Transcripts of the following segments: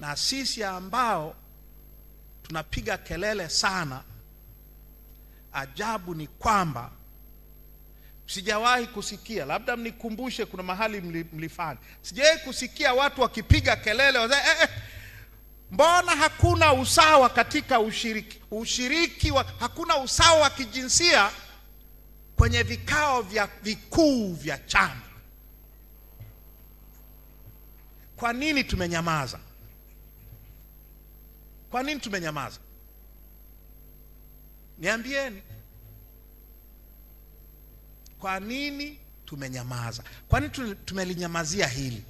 na sisi ambao tunapiga kelele sana, ajabu ni kwamba sijawahi kusikia, labda mnikumbushe, kuna mahali mlifanya, sijawahi kusikia watu wakipiga kelele waza, eh, eh, mbona hakuna usawa katika ushiriki, ushiriki wa, hakuna usawa wa kijinsia kwenye vikao vya vikuu vya chama. Kwa nini tumenyamaza? Kwa nini tumenyamaza? Niambieni, kwa nini tumenyamaza? Kwa nini tumelinyamazia hili?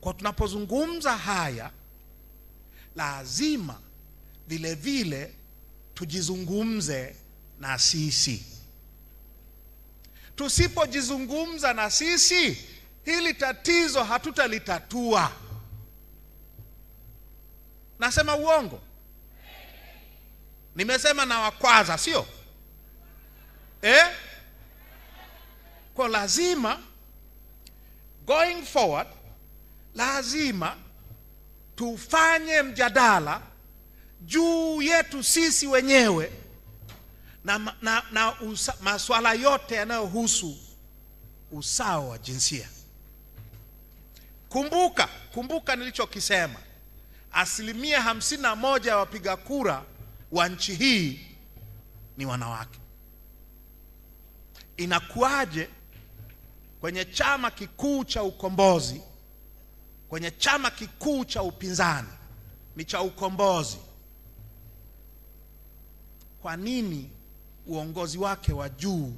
Kwa tunapozungumza haya, lazima vile vile tujizungumze na sisi. Tusipojizungumza na sisi, hili tatizo hatutalitatua. Nasema uongo? Nimesema na wakwaza, sio eh? Kwa lazima going forward, lazima tufanye mjadala juu yetu sisi wenyewe na, na, na usa, maswala yote yanayohusu usawa wa jinsia. Kumbuka, kumbuka nilichokisema asilimia hamsini na moja ya wapiga kura wa nchi hii ni wanawake. Inakuwaje kwenye chama kikuu cha ukombozi, kwenye chama kikuu cha upinzani ni cha ukombozi, kwa nini uongozi wake wa juu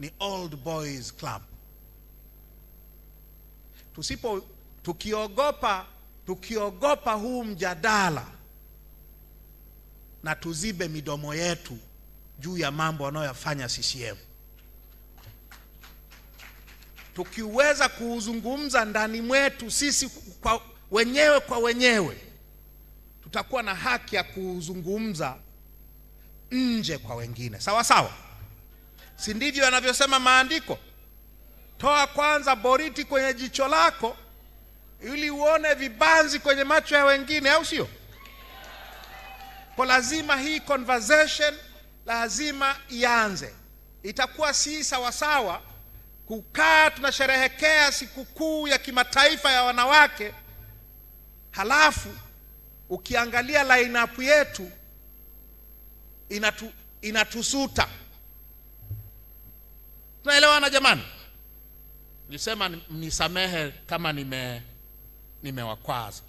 ni old boys club? Tusipo tukiogopa tukiogopa huu mjadala na tuzibe midomo yetu juu ya mambo wanayoyafanya CCM. Tukiweza kuuzungumza ndani mwetu sisi kwa wenyewe kwa wenyewe, tutakuwa na haki ya kuuzungumza nje kwa wengine, sawa sawa, si ndivyo yanavyosema maandiko? Toa kwanza boriti kwenye jicho lako ili uone vibanzi kwenye macho ya wengine, au sio? Kwa lazima hii conversation lazima ianze. Itakuwa si sawasawa kukaa tunasherehekea sikukuu ya kimataifa ya wanawake, halafu ukiangalia lineup yetu inatu, inatusuta. Tunaelewana jamani? Nisema nisamehe kama nime nimewakwaza.